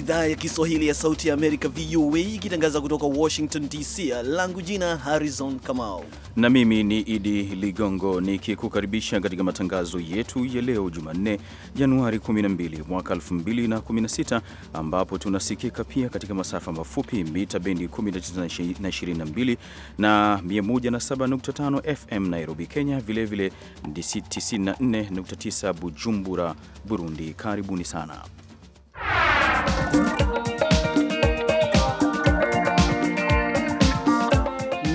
idhaa ya Kiswahili ya Sauti ya Amerika, VOA, ikitangaza kutoka Washington DC. Langu jina Harrison Kamau na mimi ni Idi Ligongo nikikukaribisha katika matangazo yetu ya leo Jumanne, Januari 12 mwaka 2016, ambapo tunasikika pia katika masafa mafupi mita bendi 1922 na 107.5 FM Nairobi, Kenya, vilevile 94.9 Bujumbura, Burundi. Karibuni sana.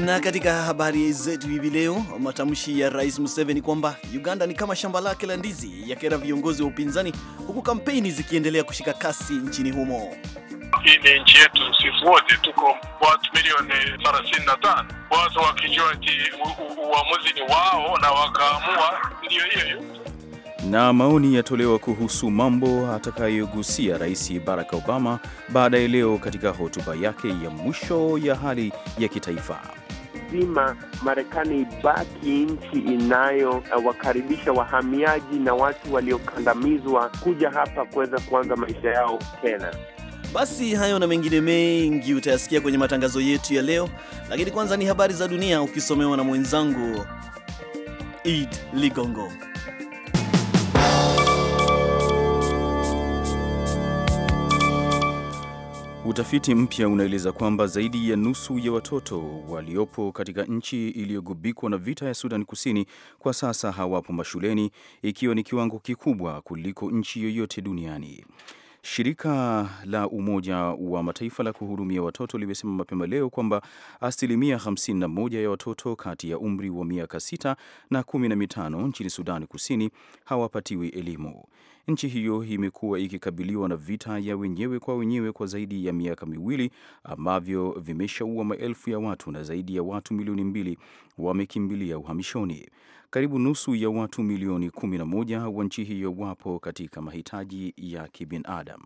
Na katika habari zetu hivi leo, matamshi ya Rais Museveni kwamba Uganda ni kama shamba lake la ndizi yakera viongozi wa upinzani, huku kampeni zikiendelea kushika kasi nchini humo. Hii ni nchi yetu, sisi wote tuko watu milioni 35. Watu wakijua ati uamuzi ni wao na wakaamua, ndio hiyo hiyo na maoni yatolewa kuhusu mambo atakayogusia Rais Barack Obama ya leo katika hotuba yake ya mwisho ya hali ya kitaifa. Lazima Marekani ibaki nchi inayowakaribisha eh, wahamiaji na watu waliokandamizwa kuja hapa kuweza kuanza maisha yao tena. Basi hayo na mengine mengi utayasikia kwenye matangazo yetu ya leo, lakini kwanza ni habari za dunia ukisomewa na mwenzangu Id Ligongo. Utafiti mpya unaeleza kwamba zaidi ya nusu ya watoto waliopo katika nchi iliyogubikwa na vita ya Sudan Kusini kwa sasa hawapo mashuleni, ikiwa ni kiwango kikubwa kuliko nchi yoyote duniani. Shirika la Umoja wa Mataifa la kuhudumia watoto limesema mapema leo kwamba asilimia 51 ya watoto kati ya umri wa miaka 6 na 15 nchini Sudani Kusini hawapatiwi elimu. Nchi hiyo imekuwa ikikabiliwa na vita ya wenyewe kwa wenyewe kwa zaidi ya miaka miwili ambavyo vimeshaua maelfu ya watu na zaidi ya watu milioni mbili wamekimbilia uhamishoni. Karibu nusu ya watu milioni 11 wa nchi hiyo wapo katika mahitaji ya kibinadamu.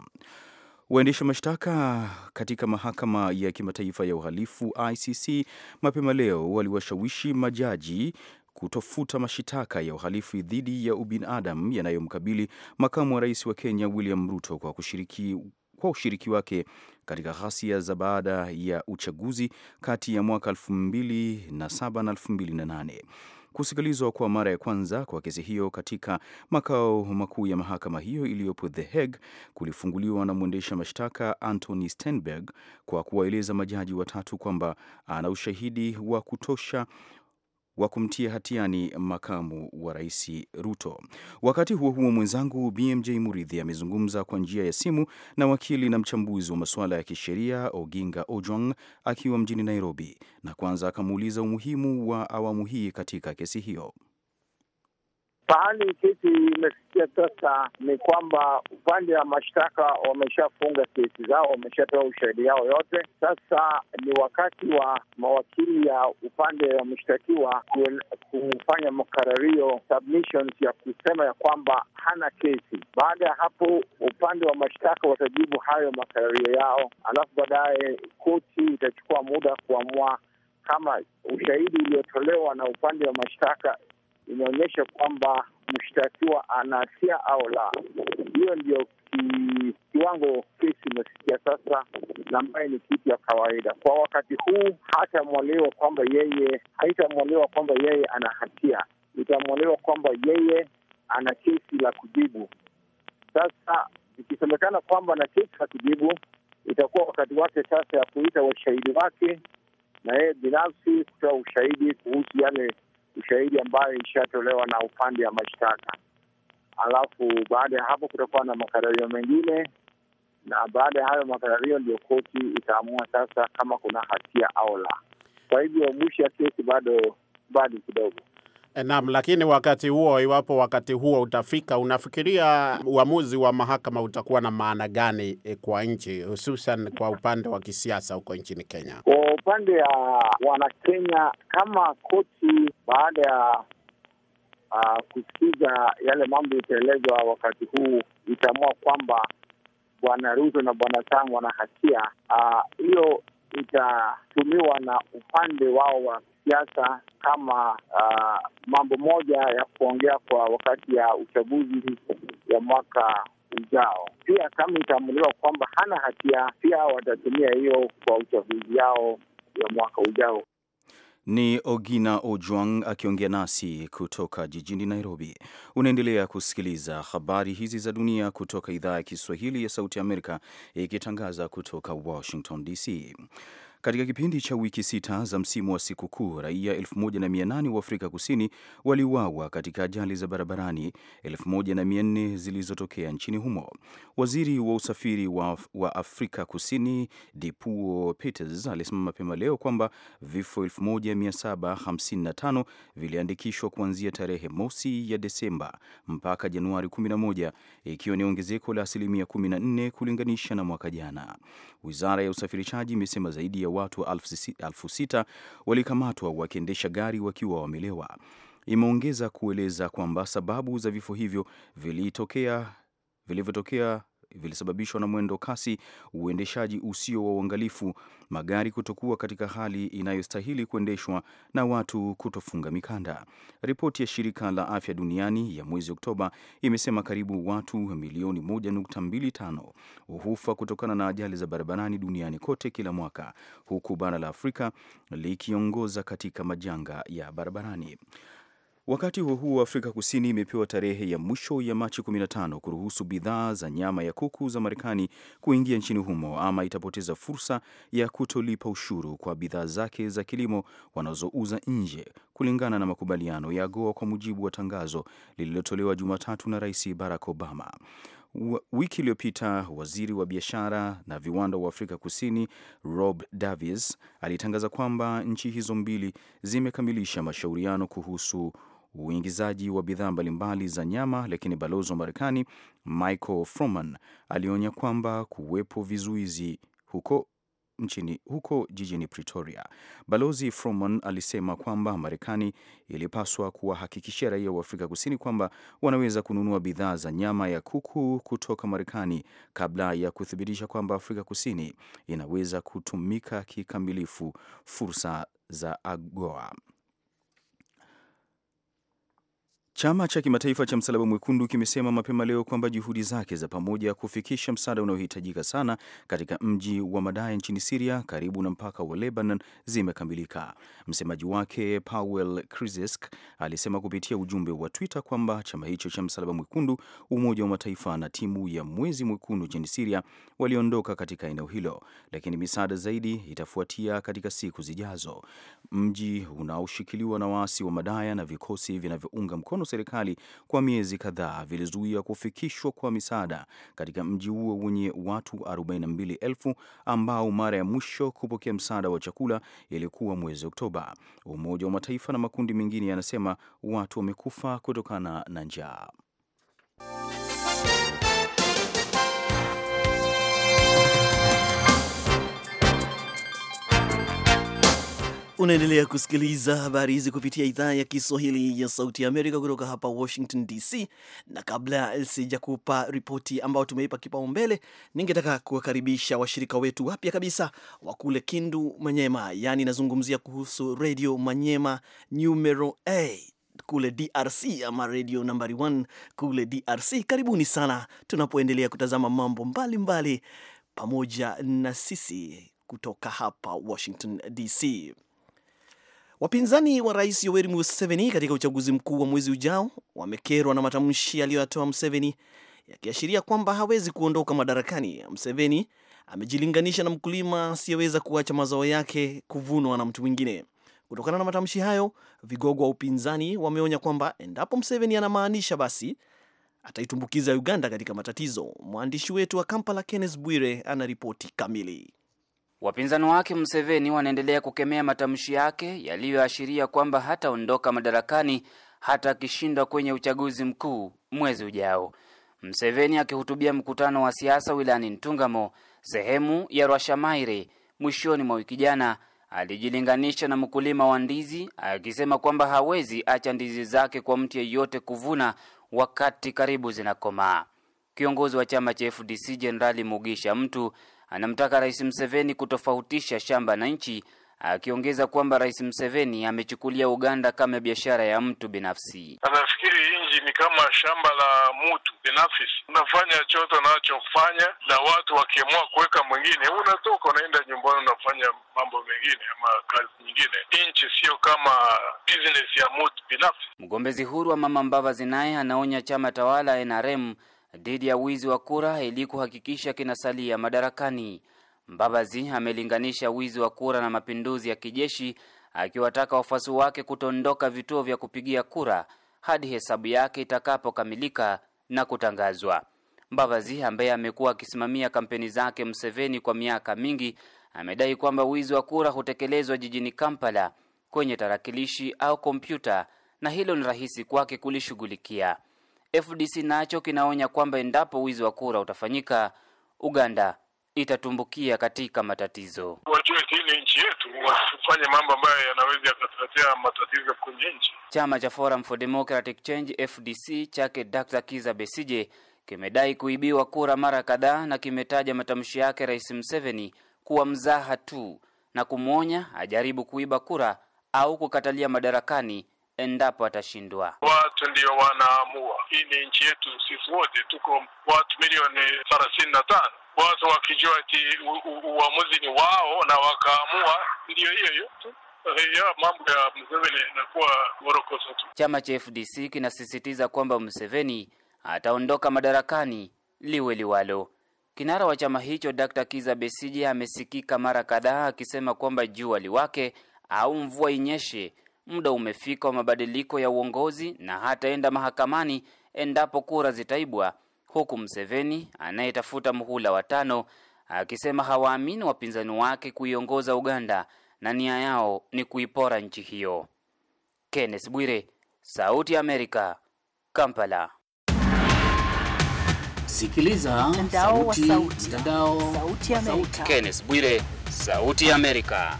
Waendesha mashtaka katika mahakama ya kimataifa ya uhalifu ICC mapema leo waliwashawishi majaji kutofuta mashitaka ya uhalifu dhidi ya ubinadamu yanayomkabili makamu wa rais wa Kenya William Ruto kwa kushiriki kwa ushiriki wake katika ghasia za baada ya uchaguzi kati ya mwaka 2007 na 2008 kusikilizwa kwa mara ya kwanza kwa kesi hiyo katika makao makuu ya mahakama hiyo iliyopo The Hague kulifunguliwa na mwendesha mashtaka Anthony stenberg kwa kuwaeleza majaji watatu kwamba ana ushahidi wa kutosha wa kumtia hatiani makamu wa rais Ruto. Wakati huo huo, mwenzangu BMJ Muridhi amezungumza kwa njia ya simu na wakili na mchambuzi wa masuala ya kisheria Oginga Ojwang akiwa mjini Nairobi, na kwanza akamuuliza umuhimu wa awamu hii katika kesi hiyo. Pahali kesi imefikia sasa ni kwamba upande wa mashtaka wameshafunga kesi zao, wameshapewa ushahidi yao yote. Sasa ni wakati wa mawakili ya upande wa mshtakiwa kufanya makarario submissions ya kusema ya kwamba hana kesi. Baada ya hapo, upande wa mashtaka watajibu hayo makarario yao, alafu baadaye koti itachukua muda kuamua kama ushahidi uliotolewa na upande wa mashtaka inaonyesha kwamba mshtakiwa ana hatia au la. Hiyo ndio kiwango kesi imefikia sasa, na ambaye ni kitu ya kawaida kwa wakati huu. hatamwaliwa kwamba yeye haitamwaliwa kwamba yeye ana hatia, itamwaliwa kwamba yeye ana kesi la kujibu. Sasa ikisemekana kwamba na kesi la kujibu, itakuwa wakati wake sasa ya kuita washahidi wake na yeye binafsi kutoa ushahidi kuhusu yale ushahidi ambayo ishatolewa na upande wa mashtaka. Alafu baada ya hapo kutakuwa na makarario mengine, na baada ya hayo makarario ndio koti itaamua sasa kama kuna hatia au la. Kwa hivyo mwisho ya kesi bado mbali kidogo. Eh, naam, lakini wakati huo, iwapo wakati huo utafika, unafikiria uamuzi wa mahakama utakuwa na maana gani eh, kwa nchi, hususan kwa upande wa kisiasa huko nchini Kenya? Kwa upande ya Wanakenya, kama koti baada ya uh, kusikiza yale mambo itaelezwa wakati huu itaamua kwamba Bwana Ruto na Bwana Tang wana hatia ah, hiyo, uh, itatumiwa na upande wao wa kisiasa kama uh, mambo moja ya kuongea kwa wakati ya uchaguzi ya mwaka ujao. Pia kama itaamuliwa kwamba hana hatia, pia watatumia hiyo kwa uchaguzi yao ya mwaka ujao. Ni Ogina Ojwang akiongea nasi kutoka jijini Nairobi. Unaendelea kusikiliza habari hizi za dunia kutoka idhaa ya Kiswahili ya Sauti ya Amerika, ikitangaza kutoka Washington DC. Katika kipindi cha wiki sita za msimu wa sikukuu, raia 1800 wa Afrika Kusini waliuawa katika ajali za barabarani 1400 zilizotokea nchini humo. Waziri wa usafiri wa, wa Afrika Kusini Dipuo Peters alisema mapema leo kwamba vifo 1755 viliandikishwa kuanzia tarehe mosi ya Desemba mpaka Januari 11 ikiwa ni ongezeko la asilimia 14 kulinganisha na mwaka jana. Wizara ya usafirishaji imesema zaidi ya ya watu elfu sita walikamatwa wakiendesha gari wakiwa wamelewa. Imeongeza kueleza kwamba sababu za vifo hivyo vilitokea vilivyotokea vilisababishwa na mwendo kasi, uendeshaji usio wa uangalifu, magari kutokuwa katika hali inayostahili kuendeshwa na watu kutofunga mikanda. Ripoti ya shirika la afya duniani ya mwezi Oktoba imesema karibu watu milioni 1.25 hufa kutokana na ajali za barabarani duniani kote kila mwaka, huku bara la Afrika likiongoza katika majanga ya barabarani. Wakati huo huo, Afrika Kusini imepewa tarehe ya mwisho ya Machi 15 kuruhusu bidhaa za nyama ya kuku za Marekani kuingia nchini humo ama itapoteza fursa ya kutolipa ushuru kwa bidhaa zake za kilimo wanazouza nje kulingana na makubaliano ya AGOA kwa mujibu wa tangazo lililotolewa Jumatatu na Rais Barack Obama. Wiki iliyopita waziri wa biashara na viwanda wa Afrika Kusini Rob Davies alitangaza kwamba nchi hizo mbili zimekamilisha mashauriano kuhusu uingizaji wa bidhaa mbalimbali za nyama, lakini balozi wa Marekani Michael Froman alionya kwamba kuwepo vizuizi huko nchini huko jijini Pretoria. Balozi Froman alisema kwamba Marekani ilipaswa kuwahakikishia raia wa Afrika Kusini kwamba wanaweza kununua bidhaa za nyama ya kuku kutoka Marekani kabla ya kuthibitisha kwamba Afrika Kusini inaweza kutumika kikamilifu fursa za AGOA. Chama cha kimataifa cha Msalaba Mwekundu kimesema mapema leo kwamba juhudi zake za pamoja kufikisha msaada unaohitajika sana katika mji wa Madaya nchini Siria karibu na mpaka wa Lebanon zimekamilika. Msemaji wake Powell Krizesk alisema kupitia ujumbe wa Twitter kwamba chama hicho cha Msalaba Mwekundu, Umoja wa Mataifa na timu ya Mwezi Mwekundu nchini Siria waliondoka katika eneo hilo, lakini misaada zaidi itafuatia katika siku zijazo. Mji unaoshikiliwa na waasi wa Madaya na vikosi vinavyounga mkono serikali kwa miezi kadhaa vilizuia kufikishwa kwa misaada katika mji huo wenye watu 42,000 ambao mara ya mwisho kupokea msaada wa chakula ilikuwa mwezi Oktoba. Umoja wa Mataifa na makundi mengine yanasema watu wamekufa kutokana na njaa. Unaendelea kusikiliza habari hizi kupitia idhaa ya Kiswahili ya Sauti ya Amerika kutoka hapa Washington DC, na kabla sijakupa ripoti ambayo tumeipa kipaumbele, ningetaka kuwakaribisha washirika wetu wapya kabisa wa kule Kindu Manyema, yaani nazungumzia kuhusu Redio Manyema numero a kule DRC ama redio nambari 1 kule DRC. Karibuni sana tunapoendelea kutazama mambo mbalimbali mbali, pamoja na sisi kutoka hapa Washington DC. Wapinzani wa rais Yoweri Museveni katika uchaguzi mkuu wa mwezi ujao wamekerwa na matamshi aliyoyatoa Museveni yakiashiria kwamba hawezi kuondoka madarakani. Museveni amejilinganisha na mkulima asiyeweza kuacha mazao yake kuvunwa na mtu mwingine. Kutokana na matamshi hayo, vigogo wa upinzani wameonya kwamba endapo Museveni anamaanisha, basi ataitumbukiza Uganda katika matatizo. Mwandishi wetu wa Kampala, Kenneth Bwire, anaripoti kamili. Wapinzani wake mseveni wanaendelea kukemea matamshi yake yaliyoashiria kwamba hataondoka madarakani hata akishindwa kwenye uchaguzi mkuu mwezi ujao. mseveni akihutubia mkutano wa siasa wilayani Ntungamo, sehemu ya Rwashamaire, mwishoni mwa wiki jana, alijilinganisha na mkulima wa ndizi akisema kwamba hawezi acha ndizi zake kwa mtu yeyote kuvuna wakati karibu zinakomaa. Kiongozi wa chama cha FDC Jenerali Mugisha Mtu anamtaka Rais Mseveni kutofautisha shamba na nchi, akiongeza kwamba Rais Mseveni amechukulia Uganda kama biashara ya mtu binafsi. Anafikiri nchi ni kama shamba la mtu binafsi, unafanya chote unachofanya, na watu wakiamua kuweka mwingine, unatoka unaenda nyumbani, unafanya mambo mengine ama kazi nyingine. Nchi sio kama business ya mtu binafsi. Mgombezi huru wa Mama Mbavazi naye anaonya chama tawala NRM dhidi ya wizi wa kura ili kuhakikisha kinasalia madarakani. Mbabazi amelinganisha wizi wa kura na mapinduzi ya kijeshi, akiwataka wafuasi wake kutondoka vituo vya kupigia kura hadi hesabu yake itakapokamilika na kutangazwa. Mbabazi ambaye amekuwa akisimamia kampeni zake mseveni kwa miaka mingi amedai kwamba wizi wa kura hutekelezwa jijini Kampala kwenye tarakilishi au kompyuta, na hilo ni rahisi kwake kulishughulikia. FDC nacho kinaonya kwamba endapo wizi wa kura utafanyika, Uganda itatumbukia katika matatizo. Wajue hii ni nchi yetu, wasifanye mambo ambayo yanaweza yakatuletea matatizo kwenye nchi. Chama cha Forum for Democratic Change FDC chake Dr. Kiza Besije kimedai kuibiwa kura mara kadhaa na kimetaja matamshi yake Rais Museveni kuwa mzaha tu na kumwonya ajaribu kuiba kura au kukatalia madarakani endapo atashindwa wote ndio wanaamua. Hii ni nchi yetu, sisi wote tuko watu milioni thelathini na tano. Watu wakijua ati uamuzi ni wao na wakaamua, ndiyo hiyo hiyo tu. Mambo ya Museveni inakuwa morokoso tu. Chama cha FDC kinasisitiza kwamba Museveni ataondoka madarakani liwe liwalo. Kinara wa chama hicho Dr. Kiza Besije amesikika mara kadhaa akisema kwamba jua liwake au mvua inyeshe muda umefika wa mabadiliko ya uongozi na hataenda mahakamani endapo kura zitaibwa, huku Mseveni anayetafuta muhula wa tano akisema hawaamini wapinzani wake kuiongoza Uganda na nia yao ni kuipora nchi hiyo. Kenneth Bwire, Sauti ya Amerika, Kampala. Sikiliza mtandao wa sauti. sauti Kenneth Bwire, Sauti ya Amerika.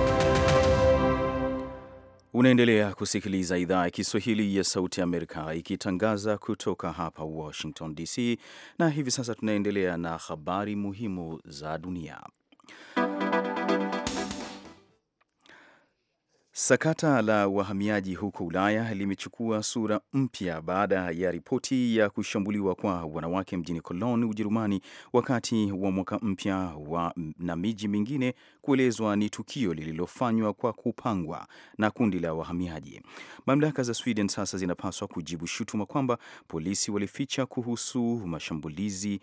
Unaendelea kusikiliza idhaa ya Kiswahili ya Sauti ya Amerika ikitangaza kutoka hapa Washington DC, na hivi sasa tunaendelea na habari muhimu za dunia. Sakata la wahamiaji huko Ulaya limechukua sura mpya baada ya ripoti ya kushambuliwa kwa wanawake mjini Cologne, Ujerumani, wakati wa mwaka mpya wa na miji mingine kuelezwa ni tukio lililofanywa kwa kupangwa na kundi la wahamiaji. Mamlaka za Sweden sasa zinapaswa kujibu shutuma kwamba polisi walificha kuhusu mashambulizi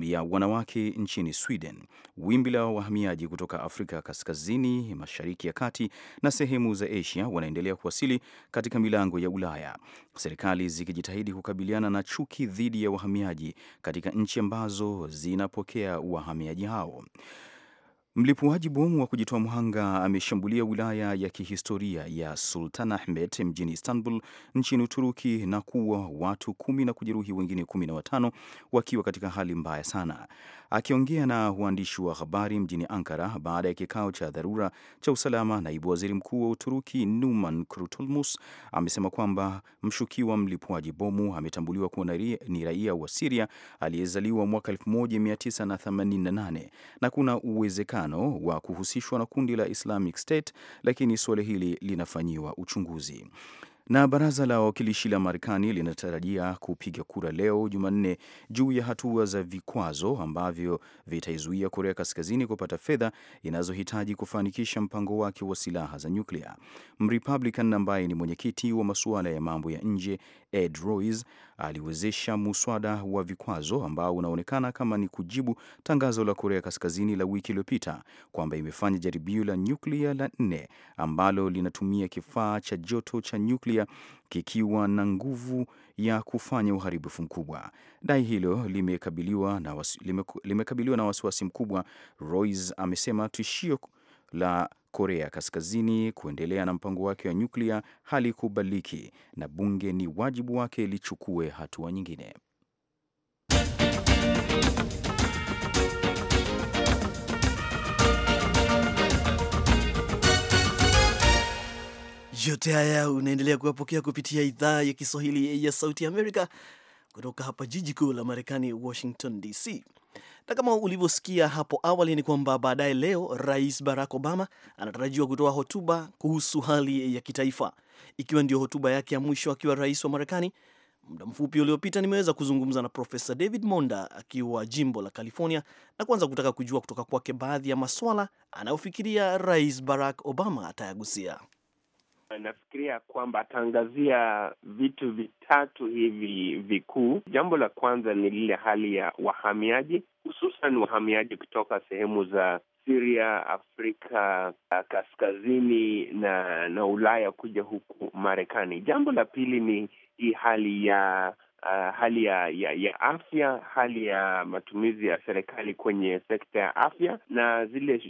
ya wanawake nchini Sweden, wimbi la wahamiaji kutoka Afrika Kaskazini, Mashariki ya Kati na sehemu za Asia wanaendelea kuwasili katika milango ya Ulaya, serikali zikijitahidi kukabiliana na chuki dhidi ya wahamiaji katika nchi ambazo zinapokea wahamiaji hao. Mlipuaji bomu wa kujitoa mhanga ameshambulia wilaya ya kihistoria ya Sultan ahmed mjini Istanbul nchini Uturuki na kuua watu kumi na kujeruhi wengine kumi na watano wakiwa katika hali mbaya sana. Akiongea na waandishi wa habari mjini Ankara baada ya kikao cha dharura cha usalama, naibu waziri mkuu wa Uturuki Numan Kurtulmus amesema kwamba mshukiwa mlipuaji bomu ametambuliwa kuwa ni raia wa Siria aliyezaliwa mwaka 1988 na, na kuna uwezekano wa kuhusishwa na kundi la Islamic State, lakini suala hili linafanyiwa uchunguzi. Na baraza la wawakilishi la Marekani linatarajia kupiga kura leo Jumanne juu ya hatua za vikwazo ambavyo vitaizuia Korea Kaskazini kupata fedha inazohitaji kufanikisha mpango wake wa silaha za nyuklia. Mrepublican ambaye ni mwenyekiti wa masuala ya mambo ya nje Ed Royce aliwezesha muswada wa vikwazo ambao unaonekana kama ni kujibu tangazo la Korea Kaskazini la wiki iliyopita kwamba imefanya jaribio la nyuklia la nne ambalo linatumia kifaa cha joto cha nyuklia nyuklia kikiwa na nguvu ya kufanya uharibifu mkubwa. Dai hilo limekabiliwa na, wasiwasi lime, limekabiliwa wasiwasi mkubwa. Royce amesema tishio la Korea Kaskazini kuendelea na mpango wake wa nyuklia halikubaliki na bunge ni wajibu wake lichukue hatua nyingine. Yote haya unaendelea kuyapokea kupitia idhaa ya Kiswahili ya Sauti Amerika kutoka hapa jiji kuu la Marekani, Washington DC. Na kama ulivyosikia hapo awali ni kwamba baadaye leo Rais Barack Obama anatarajiwa kutoa hotuba kuhusu hali ya kitaifa, ikiwa ndio hotuba yake ya mwisho akiwa rais wa Marekani. Muda mfupi uliopita nimeweza kuzungumza na Profesa David Monda akiwa jimbo la California, na kwanza kutaka kujua kutoka kwake baadhi ya maswala anayofikiria Rais Barack Obama atayagusia. Eh, nafikiria kwamba ataangazia vitu vitatu hivi vikuu. Jambo la kwanza ni lile hali ya wahamiaji, hususan wahamiaji kutoka sehemu za siria Afrika eh, Kaskazini na na Ulaya kuja huku Marekani. Jambo la pili ni hii hali ya uh, hali ya, ya ya afya, hali ya matumizi ya serikali kwenye sekta ya afya na zile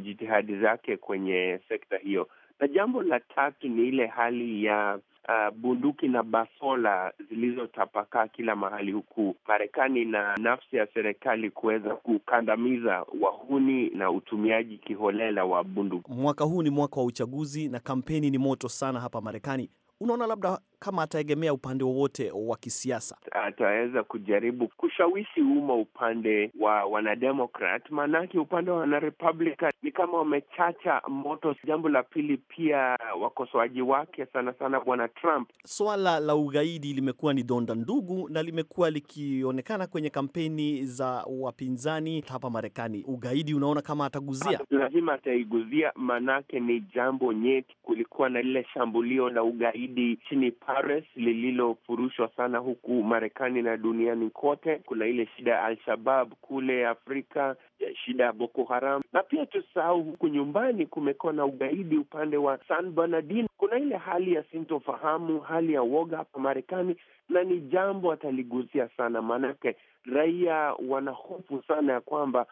jitihadi zake kwenye sekta hiyo. Na jambo la tatu ni ile hali ya Uh, bunduki na basola zilizotapakaa kila mahali, huku Marekani na nafsi ya serikali kuweza kukandamiza wahuni na utumiaji kiholela wa bunduki. Mwaka huu ni mwaka wa uchaguzi na kampeni ni moto sana hapa Marekani unaona labda kama ataegemea upande wowote wa kisiasa, ataweza kujaribu kushawishi umma upande wa wanademokrat, maanake upande wa wanarepublican ni kama wamechacha moto. Jambo la pili pia, wakosoaji wake sana sana bwana Trump, swala la ugaidi limekuwa ni donda ndugu na limekuwa likionekana kwenye kampeni za wapinzani hapa Marekani. Ugaidi unaona kama ataguzia, lazima ataiguzia, maanake ni jambo nyeti. Kulikuwa na lile shambulio la ugaidi zaidi chini Paris lililofurushwa sana huku Marekani na duniani kote. Kuna ile shida ya Al-Shabab kule Afrika, shida ya Boko Haram, na pia tusahau huku nyumbani kumekuwa na ugaidi upande wa San Bernardino. Kuna ile hali ya sintofahamu, hali ya woga hapa Marekani na ni jambo ataligusia sana, maanake raia wanahofu sana ya kwamba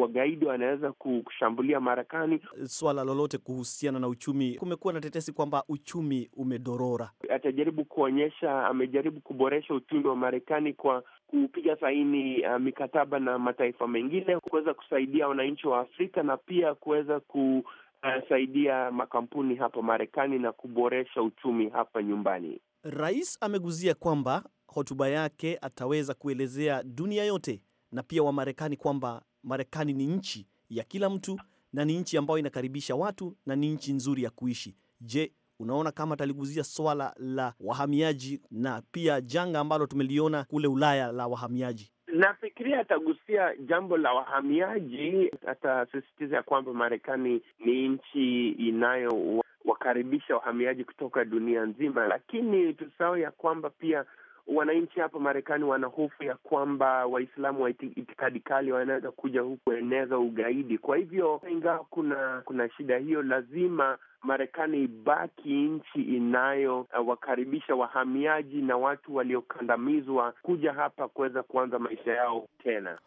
wagaidi wanaweza kushambulia Marekani. Swala lolote kuhusiana na uchumi, kumekuwa na tetesi kwamba uchumi umedorora. Atajaribu kuonyesha, amejaribu kuboresha uchumi wa Marekani kwa kupiga saini uh, mikataba na mataifa mengine kuweza kusaidia wananchi wa Afrika na pia kuweza ku uh, saidia makampuni hapa Marekani na kuboresha uchumi hapa nyumbani. Rais ameguzia kwamba hotuba yake ataweza kuelezea dunia yote na pia Wamarekani kwamba Marekani ni nchi ya kila mtu na ni nchi ambayo inakaribisha watu na ni nchi nzuri ya kuishi. Je, unaona kama ataliguzia swala la wahamiaji na pia janga ambalo tumeliona kule Ulaya la wahamiaji? Nafikiria atagusia jambo la wahamiaji. Atasisitiza kwamba Marekani ni nchi inayo wakaribisha wahamiaji kutoka dunia nzima, lakini tusahau ya kwamba pia wananchi hapa Marekani wana hofu ya kwamba Waislamu wa itikadi kali wanaweza kuja huku kueneza ugaidi. Kwa hivyo ingawa kuna kuna shida hiyo, lazima Marekani ibaki nchi inayowakaribisha uh, wahamiaji na watu waliokandamizwa kuja hapa kuweza kuanza maisha yao tena.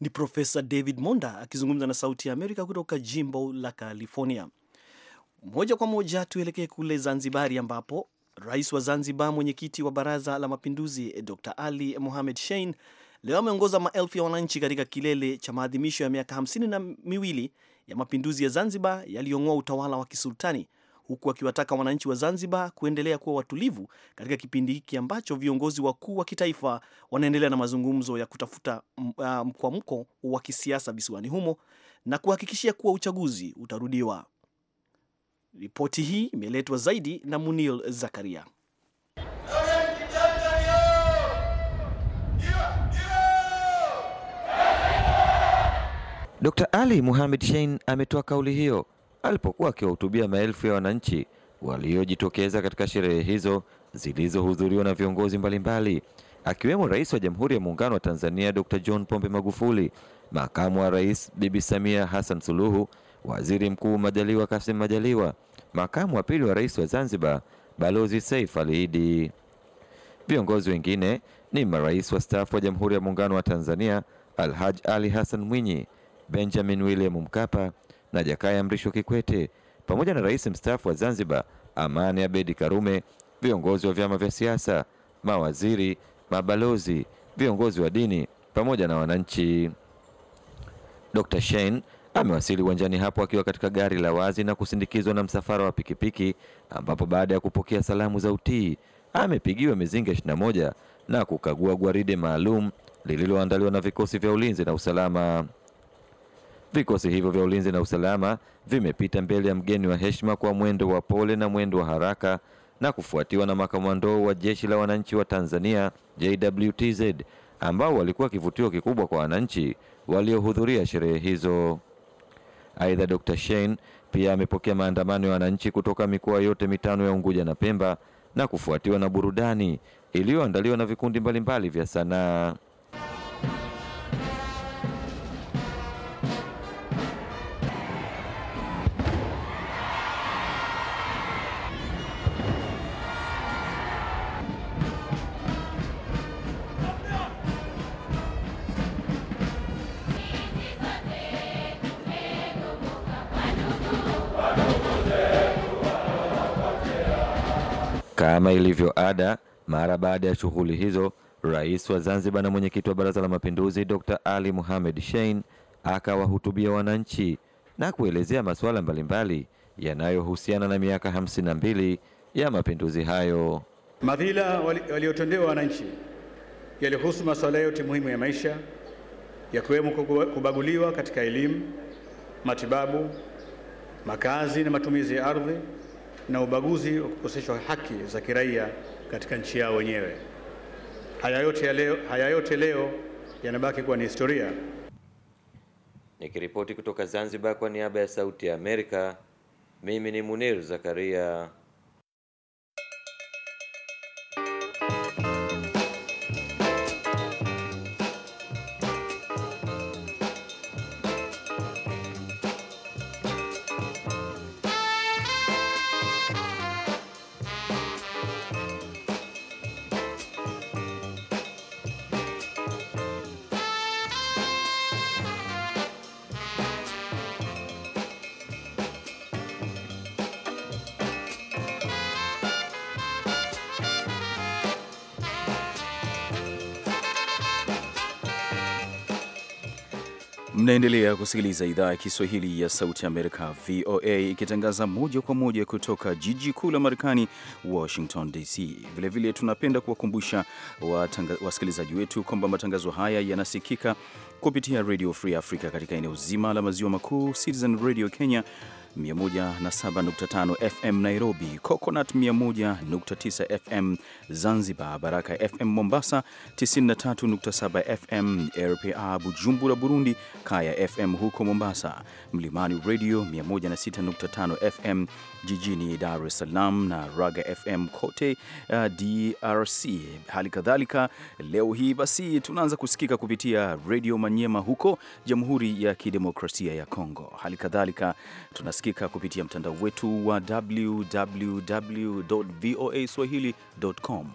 Ni Profesa David Monda akizungumza na Sauti ya Amerika kutoka jimbo la California. Moja kwa moja tuelekee kule Zanzibari, ambapo rais wa Zanzibar, mwenyekiti wa baraza la mapinduzi Dr Ali Mohamed Shein leo ameongoza maelfu ya wananchi katika kilele cha maadhimisho ya miaka hamsini na miwili ya mapinduzi ya Zanzibar yaliyong'oa utawala wa kisultani huku akiwataka wananchi wa Zanzibar kuendelea kuwa watulivu katika kipindi hiki ambacho viongozi wakuu wa kitaifa wanaendelea na mazungumzo ya kutafuta mm, ah, mkwamko wa kisiasa visiwani humo na kuhakikishia kuwa uchaguzi utarudiwa. Ripoti hii imeletwa zaidi na Munil Zakaria. Dr Ali Muhamed Shein ametoa kauli hiyo alipokuwa akiwahutubia maelfu ya wananchi waliojitokeza katika sherehe hizo zilizohudhuriwa na viongozi mbalimbali akiwemo Rais wa Jamhuri ya Muungano wa Tanzania Dr John Pombe Magufuli, makamu wa rais Bibi Samia Hassan Suluhu Waziri Mkuu Majaliwa Kassim Majaliwa, makamu wa pili wa rais wa Zanzibar Balozi Saif Ali Iddi. Viongozi wengine ni marais wastaafu wa Jamhuri ya Muungano wa Tanzania Alhaj Ali Hassan Mwinyi, Benjamin William Mkapa na Jakaya Mrisho Kikwete, pamoja na rais mstaafu wa Zanzibar Amani Abedi Karume, viongozi wa vyama vya siasa, mawaziri, mabalozi, viongozi wa dini pamoja na wananchi. Dr. Shein Amewasili uwanjani hapo akiwa katika gari la wazi na kusindikizwa na msafara wa pikipiki, ambapo baada ya kupokea salamu za utii amepigiwa mizinga moja na kukagua gwaride maalum lililoandaliwa na vikosi vya ulinzi na usalama. Vikosi hivyo vya ulinzi na usalama vimepita mbele ya mgeni wa heshima kwa mwendo wa pole na mwendo wa haraka na kufuatiwa na makamando wa Jeshi la Wananchi wa Tanzania JWTZ ambao walikuwa kivutio kikubwa kwa wananchi waliohudhuria sherehe hizo. Aidha, Dr. Shein pia amepokea maandamano ya wananchi kutoka mikoa yote mitano ya Unguja na Pemba na kufuatiwa na burudani iliyoandaliwa na vikundi mbalimbali vya sanaa. Kama ilivyo ada, mara baada ya shughuli hizo, Rais wa Zanzibar na mwenyekiti wa Baraza la Mapinduzi Dr. Ali Mohamed Shein akawahutubia wananchi na kuelezea masuala mbalimbali yanayohusiana na miaka hamsini na mbili ya mapinduzi hayo. Madhila waliotendewa wananchi yalihusu masuala yote muhimu ya maisha yakiwemo kubaguliwa katika elimu, matibabu, makazi na matumizi ya ardhi na ubaguzi wa kukoseshwa haki za kiraia katika nchi yao wenyewe. Haya yote ya leo, haya yote leo yanabaki kuwa ni historia. Nikiripoti kutoka Zanzibar kwa niaba ya Sauti ya Amerika, mimi ni Munir Zakaria. Unaendelea kusikiliza idhaa ya Kiswahili ya Sauti ya Amerika, VOA, ikitangaza moja kwa moja kutoka jiji kuu la Marekani, Washington DC. Vilevile tunapenda kuwakumbusha wasikilizaji wetu kwamba matangazo haya yanasikika kupitia Radio Free Africa katika eneo zima la maziwa makuu, Citizen Radio Kenya 107.5 FM Nairobi, Coconut 101.9 FM Zanzibar, Baraka FM Mombasa, 93.7 FM RPA Bujumbura Burundi, Kaya FM huko Mombasa, Mlimani Radio 106.5 FM jijini Dar es Salaam na Raga FM kote uh, DRC. Hali kadhalika leo hii basi tunaanza kusikika kupitia redio Manyema huko Jamhuri ya Kidemokrasia ya Kongo. Hali kadhalika tunasikika kupitia mtandao wetu wa www voa swahili.com.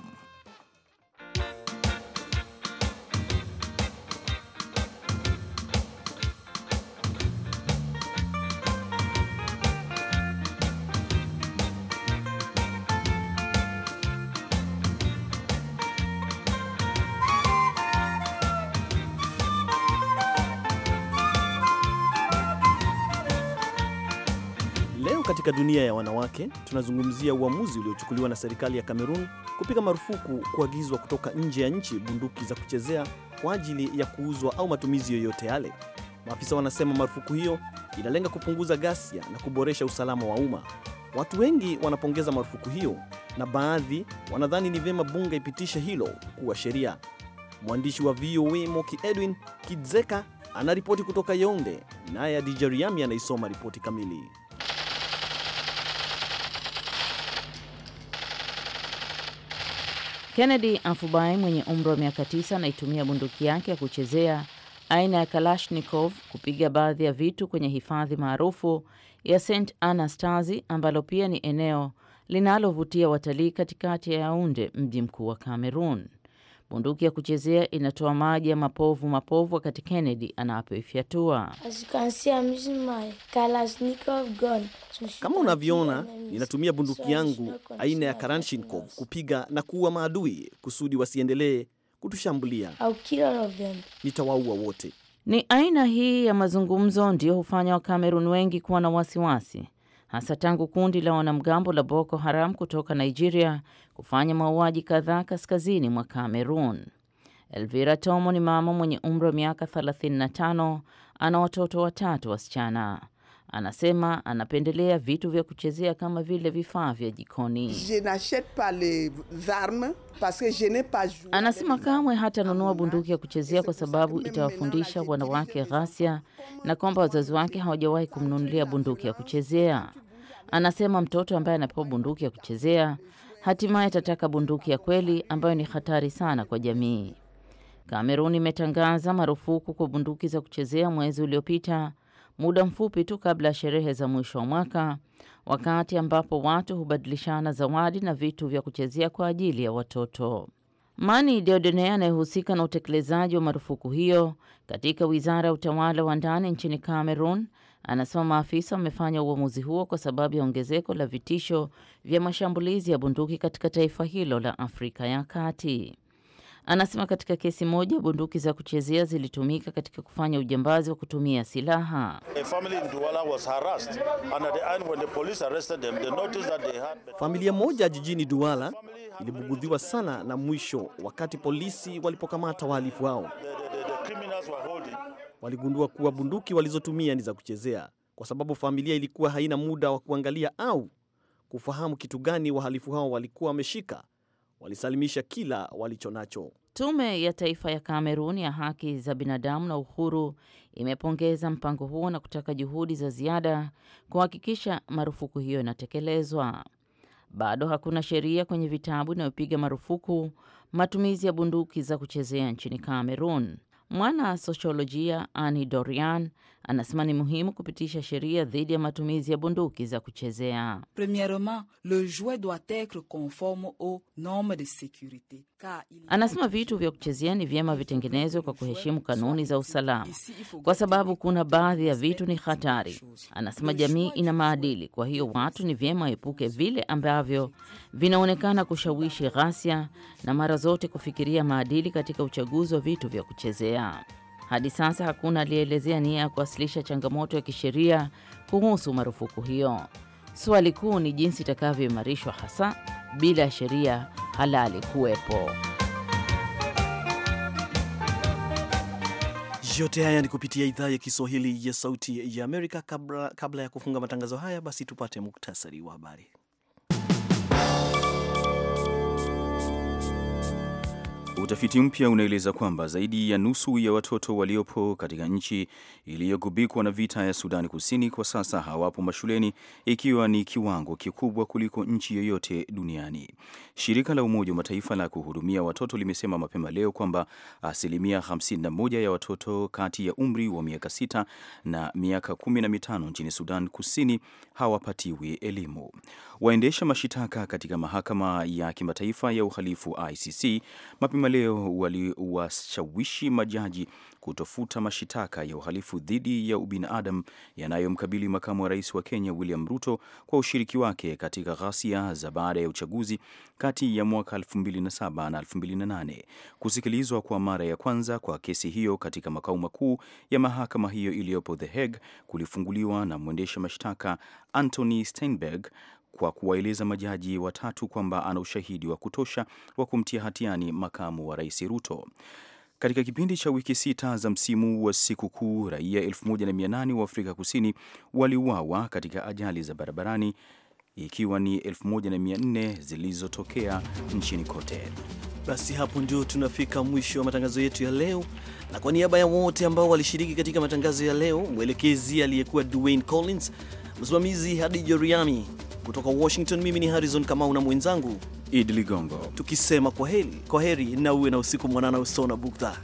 Katika dunia ya wanawake, tunazungumzia uamuzi uliochukuliwa na serikali ya Kamerun kupiga marufuku kuagizwa kutoka nje ya nchi bunduki za kuchezea kwa ajili ya kuuzwa au matumizi yoyote yale. Maafisa wanasema marufuku hiyo inalenga kupunguza ghasia na kuboresha usalama wa umma. Watu wengi wanapongeza marufuku hiyo na baadhi wanadhani ni vyema bunge ipitishe hilo kuwa sheria. Mwandishi wa VOA Moki Edwin Kidzeka anaripoti kutoka Yonde, naye adijariami anaisoma ripoti kamili. Kennedy Amfubai mwenye umri wa miaka tisa anaitumia bunduki yake ya kuchezea aina ya Kalashnikov kupiga baadhi ya vitu kwenye hifadhi maarufu ya St Anastasi ambalo pia ni eneo linalovutia watalii katikati ya Yaunde, mji mkuu wa Cameroon. Bunduki ya kuchezea inatoa maji ya mapovu mapovu wakati Kennedy anapoifyatua. Kama unavyoona, ninatumia bunduki yangu aina ya karanshinkov kupiga na kuua maadui kusudi wasiendelee kutushambulia. Nitawaua wote. Ni aina hii ya mazungumzo ndiyo hufanya Wakamerun wengi kuwa na wasiwasi hasa tangu kundi la wanamgambo la Boko Haram kutoka Nigeria kufanya mauaji kadhaa kaskazini mwa Cameroon. Elvira Tomo ni mama mwenye umri wa miaka 35, ana watoto watatu wasichana. Anasema anapendelea vitu vya kuchezea kama vile vifaa vya jikoni. Anasema kamwe hatanunua bunduki ya kuchezea kwa sababu itawafundisha wanawake ghasia, na kwamba wazazi wake hawajawahi kumnunulia bunduki ya kuchezea. Anasema mtoto ambaye anapewa bunduki ya kuchezea hatimaye atataka bunduki ya kweli ambayo ni hatari sana kwa jamii. Kameruni imetangaza marufuku kwa bunduki za kuchezea mwezi uliopita muda mfupi tu kabla ya sherehe za mwisho wa mwaka, wakati ambapo watu hubadilishana zawadi na vitu vya kuchezea kwa ajili ya watoto. Mani deodene anayehusika na utekelezaji wa marufuku hiyo katika wizara ya utawala wa ndani nchini Cameroon anasema maafisa wamefanya uamuzi huo kwa sababu ya ongezeko la vitisho vya mashambulizi ya bunduki katika taifa hilo la Afrika ya Kati. Anasema katika kesi moja bunduki za kuchezea zilitumika katika kufanya ujambazi wa kutumia silaha. Familia moja jijini duala ilibugudhiwa sana na mwisho, wakati polisi walipokamata wahalifu wao waligundua kuwa bunduki walizotumia ni za kuchezea, kwa sababu familia ilikuwa haina muda wa kuangalia au kufahamu kitu gani wahalifu hao walikuwa wameshika walisalimisha kila walichonacho. Tume ya Taifa ya Kamerun ya Haki za Binadamu na Uhuru imepongeza mpango huo na kutaka juhudi za ziada kuhakikisha marufuku hiyo inatekelezwa. Bado hakuna sheria kwenye vitabu inayopiga marufuku matumizi ya bunduki za kuchezea nchini Kamerun. Mwana sosiolojia Ani Dorian anasema ni muhimu kupitisha sheria dhidi ya matumizi ya bunduki za kuchezea. Premierement, le jouet doit etre conforme aux normes de securite. Anasema vitu vya kuchezea ni vyema vitengenezwe kwa kuheshimu kanuni za usalama, kwa sababu kuna baadhi ya vitu ni hatari. Anasema jamii ina maadili, kwa hiyo watu ni vyema waepuke vile ambavyo vinaonekana kushawishi ghasia, na mara zote kufikiria maadili katika uchaguzi wa vitu vya kuchezea. Hadi sasa hakuna aliyeelezea nia ya kuwasilisha changamoto ya kisheria kuhusu marufuku hiyo. Swali kuu ni jinsi itakavyoimarishwa hasa bila ya sheria halali kuwepo. Yote haya ni kupitia idhaa ya Kiswahili ya Sauti ya Amerika. Kabla, kabla ya kufunga matangazo haya, basi tupate muktasari wa habari. Utafiti mpya unaeleza kwamba zaidi ya nusu ya watoto waliopo katika nchi iliyogubikwa na vita ya Sudani Kusini kwa sasa hawapo mashuleni, ikiwa ni kiwango kikubwa kuliko nchi yoyote duniani. Shirika la Umoja wa Mataifa la kuhudumia watoto limesema mapema leo kwamba asilimia 51 ya watoto kati ya umri wa miaka 6 na miaka 15 nchini Sudan Kusini hawapatiwi elimu. Waendesha mashitaka katika mahakama ya kimataifa ya uhalifu ICC mapema mapema leo waliwashawishi majaji kutofuta mashitaka ya uhalifu dhidi ya ubinadamu yanayomkabili makamu wa rais wa Kenya William Ruto kwa ushiriki wake katika ghasia za baada ya uchaguzi kati ya mwaka 2007 na 2008. Kusikilizwa kwa mara ya kwanza kwa kesi hiyo katika makao makuu ya mahakama hiyo iliyopo The Hague kulifunguliwa na mwendesha mashtaka Anthony Steinberg kwa kuwaeleza majaji watatu kwamba ana ushahidi wa kutosha wa kumtia hatiani makamu wa rais Ruto. Katika kipindi cha wiki sita za msimu wa sikukuu, raia 1800 wa Afrika Kusini waliuawa katika ajali za barabarani ikiwa ni 1400 zilizotokea nchini kote. Basi hapo ndio tunafika mwisho wa matangazo yetu ya leo, na kwa niaba ya wote ambao walishiriki katika matangazo ya leo, mwelekezi aliyekuwa Dwayne Collins, msimamizi hadi Joriami kutoka Washington, mimi ni Harrison Kamau na mwenzangu Idi Ligongo, tukisema kwa heri, kwa heri na uwe na usiku mwanana usona bukta.